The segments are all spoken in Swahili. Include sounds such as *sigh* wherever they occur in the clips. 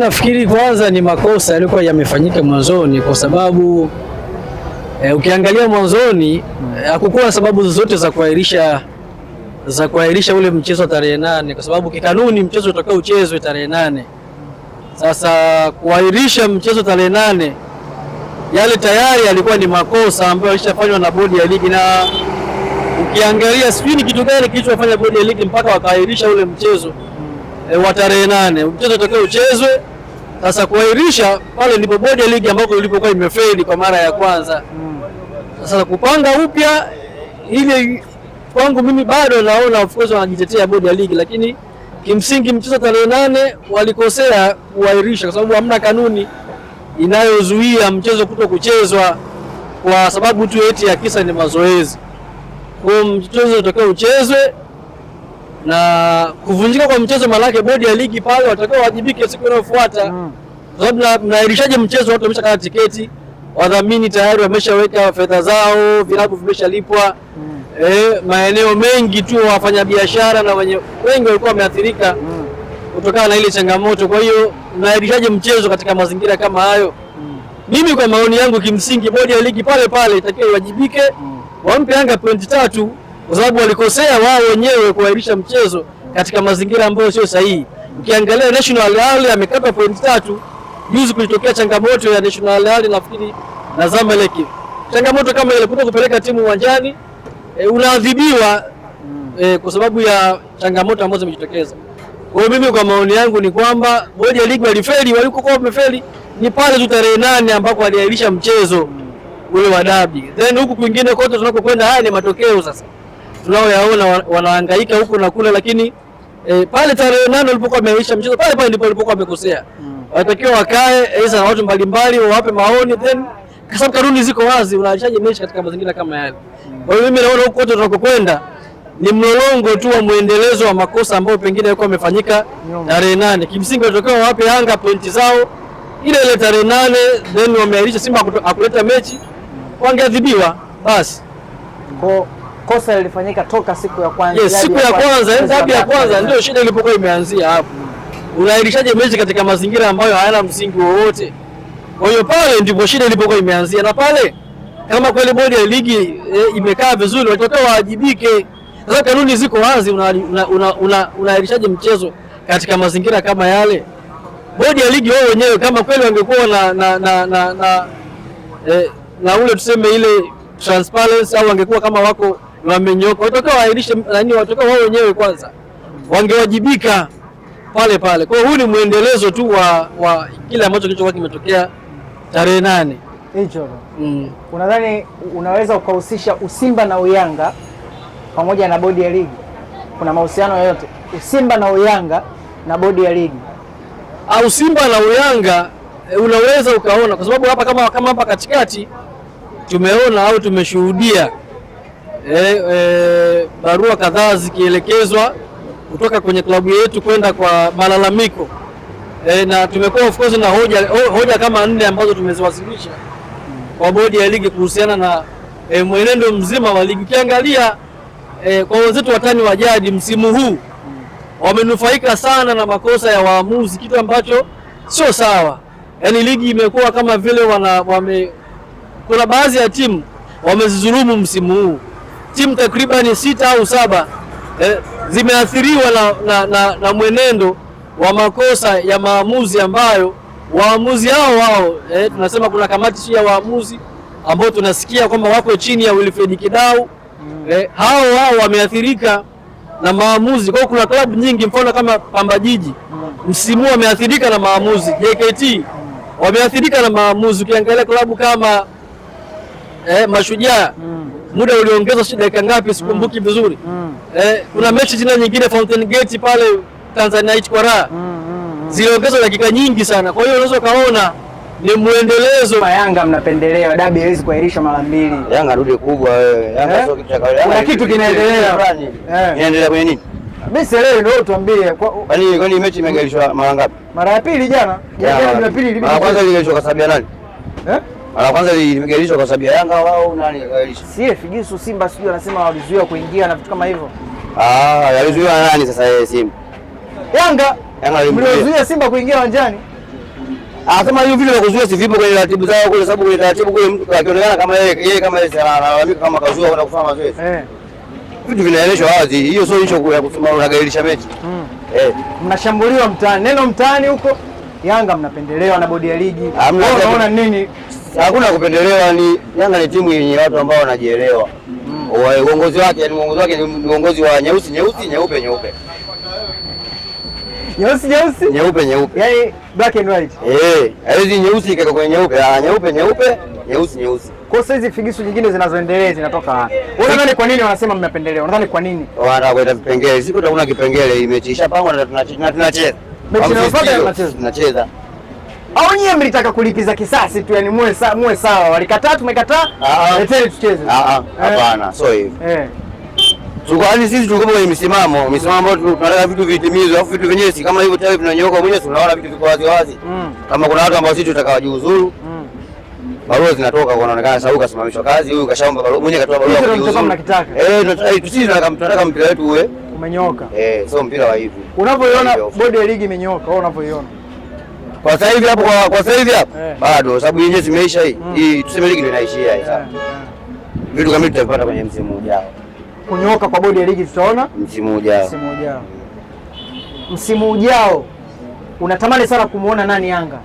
Nafikiri kwanza ni makosa yaliyokuwa yamefanyika mwanzoni, kwa sababu e, ukiangalia mwanzoni eh, hakukuwa sababu zozote za kuahirisha za kuahirisha ule mchezo wa tarehe nane, kwa sababu kikanuni mchezo utakao uchezwe tarehe nane. Sasa kuahirisha mchezo tarehe nane, yale tayari yalikuwa ni makosa ambayo yalishafanywa na bodi ya ligi, na ukiangalia sijui ni kitu gani kilichofanya bodi ya ligi mpaka wakaahirisha ule mchezo e, wa tarehe nane mchezo utakao uchezwe. Sasa kuahirisha pale ndipo bodi ya ligi ambako ilipokuwa imefeli kwa mara ya kwanza hmm. Sasa kupanga upya ile, kwangu mimi bado naona of course wanajitetea bodi ya ligi, lakini kimsingi mchezo tarehe nane walikosea kuahirisha, kwa sababu hamna kanuni inayozuia mchezo kuto kuchezwa kwa sababu tu eti ya kisa ni mazoezi. Kwa mchezo utakao uchezwe na kuvunjika kwa mchezo, malake bodi ya ligi pale watakiwa wajibike siku inayofuata, kwa mm. sababu mnairishaje mchezo? Watu wameshakata tiketi, wadhamini tayari wameshaweka fedha zao, vilabu vimeshalipwa. mm. E, maeneo mengi tu wafanyabiashara na wenye wengi walikuwa wameathirika mm. kutokana na ile changamoto. Kwa hiyo mnairishaje mchezo katika mazingira kama hayo? mm. Mimi kwa maoni yangu, kimsingi bodi ya ligi pale pale itakiwa iwajibike, mm. wampe Yanga pointi tatu kwa sababu walikosea wao wenyewe kuahirisha mchezo katika mazingira ambayo sio sahihi. Ukiangalia National Ahly amekata pointi tatu. Juzi kulitokea changamoto ya National Ahly nafikiri na Zamalek, changamoto kama ile, kuto kupeleka timu uwanjani e, unaadhibiwa e, kwa sababu ya changamoto ambazo zimejitokeza. Kwa hiyo mimi kwa maoni yangu ni kwamba bodi ya ligi walifeli, walikokuwa wamefeli ni pale tu tarehe nane ambako waliahirisha mchezo ule wa dabi, then huku kwingine kote tunakokwenda haya ni matokeo sasa tunaoyaona wanahangaika huko na kule, lakini eh, pale tarehe nane walipokuwa wameisha mchezo pale pale ndipo walipokuwa wamekosea mm. Watakiwa wakae aisa na watu mbalimbali wawape maoni then, kwa sababu kanuni ziko wazi, unaachaje mechi katika mazingira kama yale? Mm. Kwa hiyo mimi naona huko wote tunakokwenda ni mlolongo tu wa mwendelezo wa makosa ambayo pengine yalikuwa yamefanyika tarehe nane. Kimsingi watokao wape Yanga pointi zao ile ile tarehe nane, then wameahirisha Simba akuleta mechi, mm. wangeadhibiwa basi. Kwa kosa lilifanyika toka siku ya kwanza. Yes, siku ya kwanza, ya kwanza ndio shida ilipokuwa imeanzia hapo. Unaahirishaje mechi katika mazingira ambayo hayana msingi wowote? Kwa hiyo pale ndipo shida ilipokuwa imeanzia, na pale kama kweli bodi ya ligi e, imekaa vizuri, watakiwa waajibike. Sasa kanuni ziko wazi, unaahirishaje una, una, una mchezo katika mazingira kama yale? Bodi ya ligi wao wenyewe kama kweli wangekuwa na na na, na, na, eh, na ule tuseme ile transparency au wangekuwa kama wako wamenyoka, watakiwa waahirishe nani, watakiwa wao wenyewe kwanza wangewajibika pale pale. Kwa hiyo huu ni mwendelezo tu wa, wa kile ambacho kilichokuwa kimetokea tarehe nane hicho. Mm. Unadhani unaweza ukahusisha Usimba na Uyanga pamoja na bodi ya ligi? Kuna mahusiano yoyote Usimba na Uyanga na bodi ya ligi au ah, Usimba na Uyanga? Eh, unaweza ukaona kwa sababu hapa kama, kama hapa katikati tumeona au tumeshuhudia e, e, barua kadhaa zikielekezwa kutoka kwenye klabu yetu kwenda kwa malalamiko e, na tumekuwa of course na hoja, hoja kama nne ambazo tumeziwasilisha kwa bodi ya ligi kuhusiana na e, mwenendo mzima wa ligi. Ukiangalia e, kwa wenzetu watani wa jadi msimu huu wamenufaika sana na makosa ya waamuzi, kitu ambacho sio sawa. Yaani ligi imekuwa kama vile wana, wame, kuna baadhi ya timu wamezidhulumu msimu huu timu takribani sita au saba eh, zimeathiriwa na, na, na, na mwenendo wa makosa ya maamuzi ambayo waamuzi hao wao eh, tunasema kuna kamati ya waamuzi ambao tunasikia kwamba wako chini ya Wilfred Kidau mm. eh, hao wao wameathirika na maamuzi. Kwa hiyo kuna klabu nyingi mfano kama Pamba Jiji mm. msimu wameathirika na maamuzi, JKT mm. wameathirika na maamuzi. Ukiangalia klabu kama eh, Mashujaa mm muda uliongezwa si dakika ngapi, sikumbuki vizuri mm. Eh, kuna mechi zina nyingine Fountain Gate pale Tanzania hichi kwa raha mm, mm, mm, ziliongezwa dakika nyingi sana, kwa hiyo unaweza ukaona ni mwendelezo. Yanga mnapendelewa, dabi haiwezi kuahirishwa mara mbili. Yanga rudi kubwa wewe, eh. Yanga eh? sio kitu cha kawaida. Kuna kitu kinaendelea, eh. inaendelea kwenye nini? Mimi sielewi, ndio tuambie. Kwani kwani mechi imegairishwa mara ngapi? Mara ya pili jana, jana ya pili ilibidi. Mara kwanza iligairishwa kwa sababu ya nani? Mara kwanza limegailishwa kwa sababu ya Yanga wao nani kagailisha? Si Figisu Simba sijui anasema walizuia kuingia na vitu kama hivyo. Ah, alizuia nani sasa yeye Simba? Yanga. Yanga alizuia Simba kuingia uwanjani. Ah, sema hiyo vile kuzuia si vipo kwenye ratibu zao kule sababu kwenye ratibu kule mtu akionekana kama yeye yeye kama yeye analalamika kama kazuia kwenda kufanya mazoezi. Eh. Vitu vinaeleshwa wazi. Hiyo sio hicho ya kusema unagailisha mechi. Mm. Eh. Mnashambuliwa mtaani. Neno mtaani huko Yanga mnapendelewa na bodi ya ligi. Unaona nini? hakuna kupendelewa, ni Yanga ni timu yenye watu ambao wanajielewa. Mm. Uongozi wake ni uongozi wake ni uongozi wa nyeusi nyeusi, nyeupe nyeupe, nyeusi nyeusi, nyeupe nyeupe, yani black and white. Eh, hizi nyeusi ikaweka kwenye nyeupe, ah, nyeupe nyeupe, nyeusi nyeusi. Kwa sasa hizi figisu nyingine zinazoendelea zinatoka wapi? Wewe unadhani kwa nini wanasema mmependelewa? Unadhani kwa nini? Wanataka oh, kwenda vipengele, siku hakuna kipengele, imechisha ishapangwa na tunacheza. Mechi inayofuata tunacheza. Au nyie mlitaka kulipiza kisasi tu, yani muwe sawa, muwe sawa. Walikataa, tumekataa, ah, ah. leteni tucheze. Ah, eh. Hapana, sio hivyo Yaani sisi tulikuwa kwenye misimamo misimamo, tunataka vitu vitimizwe, afu vitu vyenyewe si kama hivyo tayari, tunanyooka mwenyewe, tunaona vitu viko wazi wazi. Mm. Kama kuna watu ambao sisi tutaka Mm. barua zinatoka, kwa wanaonekana Sauka kasimamishwa kazi, huyu kashaomba barua, mwenyewe katoa barua kujiuzuru. Eh, tunataka eh, sisi tunataka mpira wetu uwe umenyoka. eh, sio mpira wa hivi unavyoiona. Bodi ya ligi imenyoka, wewe unavyoiona kwa sasa hivi hapo kwa, sasa hivi hapo eh. Bado sababu yenyewe zimeisha hii. Mm. Hii tuseme ligi ndio inaishia hii sasa. Eh, eh. Vitu kama tutavipata kwenye msimu ujao. kunyoka kwa bodi ya ligi tutaona msimu ujao. Msimu ujao. Msimu ujao. Unatamani sana kumuona nani Yanga?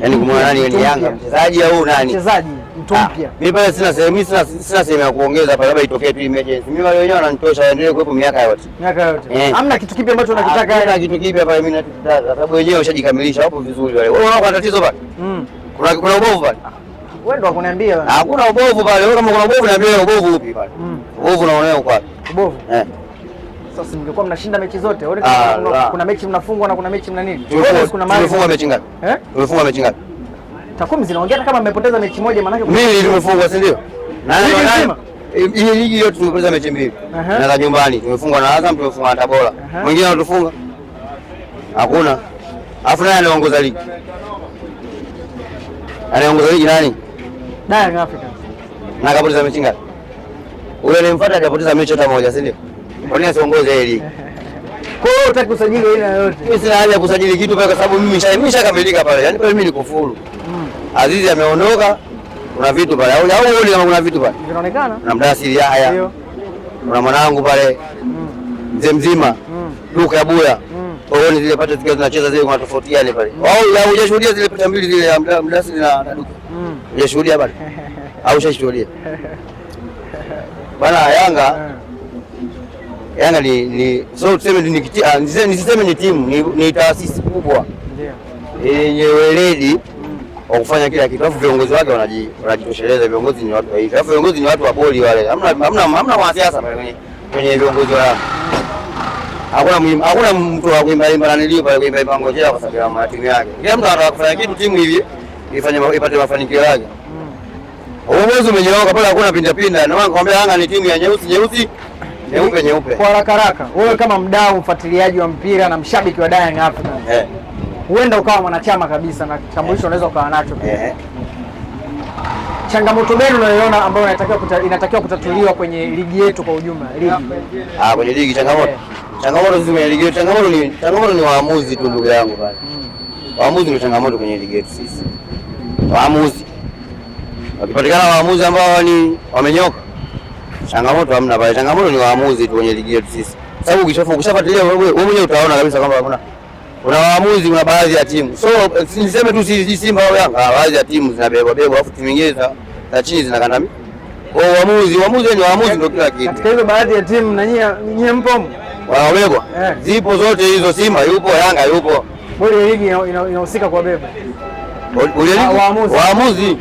Yaani kumuona nani Yanga? Mchezaji au nani? Mchezaji mtu ah, mpya. Mimi pale sina sehemu, sina sina sehemu ya kuongeza pale, labda itokee tu emergency. Mimi wale wenyewe wananitosha, waendelee yaani kuwepo miaka yote. Miaka yote. Eh. Hamna kitu kipi ambacho unakitaka? Hamna kitu kipi pale mimi nachotaka. Sababu wenyewe ushajikamilisha, wapo vizuri wale. Wewe unaona tatizo pale? Mm. Kuna kuna ubovu pale. Wewe ndo unaniambia bwana. Hakuna ubovu pale. Wewe kama kuna ubovu niambie ubovu upi pale? Mm. Ubovu unaonea uko Ubovu. Eh. Sasa mlikuwa mnashinda mechi zote. Ah, kuna mechi mnafungwa na kuna mechi mna nini? Tulifungwa mechi ngapi? Eh? Tulifungwa mechi ngapi? kumi zinaongea kama mmepoteza mechi moja, maana mbili tumefungwa, si ndio? Hii ligi yote tumepoteza mechi mbili na za nyumbani, tumefungwa na Azam, tumefungwa na Tabora. Wengine wanatufunga hakuna. afu nani anaongoza ligi? Anaongoza ligi nani? Young Africans. Na kapoteza mechi ngapi? Ule anemfuata kapoteza mechi hata moja, si ndio? Kwa nini asiongoze hii ligi? Kwa hiyo utaki kusajili aina yoyote? Mimi sina haja ya kusajili kitu kwa sababu mimi nishakamilika pale. Yaani pale mimi nikufuru. Azizi ameondoka, kuna vitu pale au au kama kuna vitu pale vinaonekana, na mdasi ya haya, kuna mwanangu pale mm. mzee mzima Luka mm. ya Buya mm. ni zile pata zikiwa zinacheza zile, kuna tofauti gani pale? mm. Au ya ujashuhudia zile pata mbili zile mdasi na duka Luka? Mm. Hujashuhudia pale *laughs* au ushashuhudia bana? Yanga *laughs* mm. Yanga ni ni so tuseme ni nisiseme ah, ni timu ni ni taasisi kubwa yenye weledi mm wa kufanya kila kitu, alafu viongozi wake wanajitosheleza. Viongozi ni watu wa hivi, alafu viongozi ni watu wa poli wale, hamna hamna hamna wanasiasa kwenye viongozi wao. Hakuna hakuna mtu wa kuimba imba na nilio pale kuimba imba ngojea kwa sababu ya timu yake. Kila mtu anataka kufanya kitu timu hivi ifanye ipate mafanikio yake. Uongozi umenyooka pale, hakuna pinda pinda. Na nakwambia Yanga ni timu ya nyeusi nyeusi nyeupe nyeupe. Kwa haraka haraka, wewe kama mdau mfuatiliaji wa mpira na mshabiki wa Young Africans. Eh huenda ukawa mwanachama kabisa na kitambulisho unaweza ukawa nacho pia. Eh. Changamoto gani unayoiona ambayo inatakiwa kuta, inatakiwa kutatuliwa kwenye ligi yetu kwa ujumla? Ligi ah, kwenye ligi changamoto eh. changamoto zime ligi yetu changamoto ni changamoto ni waamuzi tu, ndugu yangu pale. Hmm. Waamuzi ni changamoto kwenye ligi yetu sisi. Waamuzi wakipatikana waamuzi ambao ni wamenyoka, changamoto hamna pale. Changamoto ni waamuzi tu kwenye ligi yetu sisi, sababu ukishafuatilia wewe mwenyewe utaona kabisa kwamba hakuna kuna waamuzi, kuna baadhi ya timu so niseme tu si Simba au Yanga, baadhi ya timu zinabebwa bebwa, afu timu nyingine za chini zinakandamia. Kwa waamuzi, waamuzi ni waamuzi, ndio kila kitu. Katika hizo baadhi ya timu na nyinyi mpomo wanabebwa, eh. zipo zote hizo, Simba yupo, Yanga yupo, bodi ya ligi inahusika kwa beba waamuzi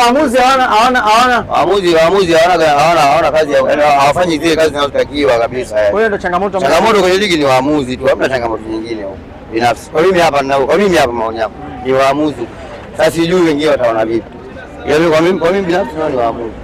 waamuzi hawana hawana hawana hawana kazi, hawafanyi zile kazi zinazotakiwa kabisa. Kwa hiyo Changamoto kwenye ligi ni waamuzi tu, hamna changamoto nyingine huko binafsi. Kwa mimi hapa na kwa mimi hapa maoni yangu ni waamuzi. Sasa sijui wengine wataona vipi. kwa mimi kwa mimi binafsi ni waamuzi.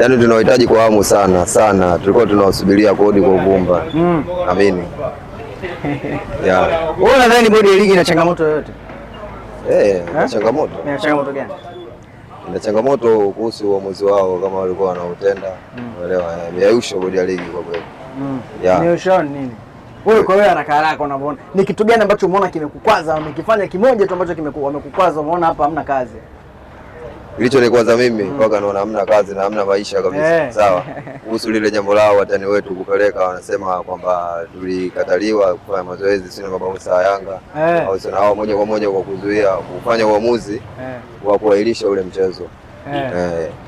Yaani tunahitaji kwa hamu sana sana, tulikuwa tunawasubiria kodi kwa uvumba. Mm. Amini. *laughs* Yeah. Wewe unadhani bodi ya ligi ina changamoto yoyote? Eh, hey, eh? changamoto. Ina changamoto gani? na changamoto kuhusu uamuzi wao kama walikuwa wanautenda. Hmm. Unaelewa? Mm. Eh, Yausho bodi ya ligi kwa kweli. Mm. Yeah. Yausho nini? wewe kwa wewe haraka haraka unavyoona ni kitu gani ambacho umeona kimekukwaza? Wamekifanya kimoja tu ambacho kimekukwaza, umeona hapa hamna kazi. ni Kilichonikwaza mimi mm. mpaka naona hamna kazi na hamna maisha kabisa. Eh. Sawa, *laughs* kuhusu lile jambo lao watani wetu kupeleka, wanasema kwamba tulikataliwa kufanya mazoezi, sio kwa mabosi wa Yanga eh. au sio na wao moja kwa moja kwa kuzuia kufanya uamuzi eh. wa kuahirisha ule mchezo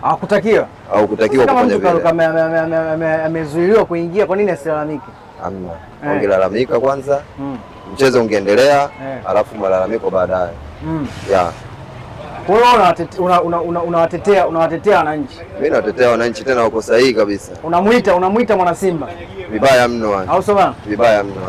hakutakiwa, hakutakiwa kufanya vile. Kama mtu amezuiliwa kuingia, kwa nini asilalamike? hamna. Ungelalamika eh. kwanza, mm. mchezo ungeendelea eh. alafu malalamiko baadaye mm. ya Kwa unawatetea una, una, una unawatetea wananchi. Mimi nawatetea wananchi tena, uko sahihi kabisa. Unamwita unamwita mwana Simba vibaya mno, au sio bana? Vibaya mno.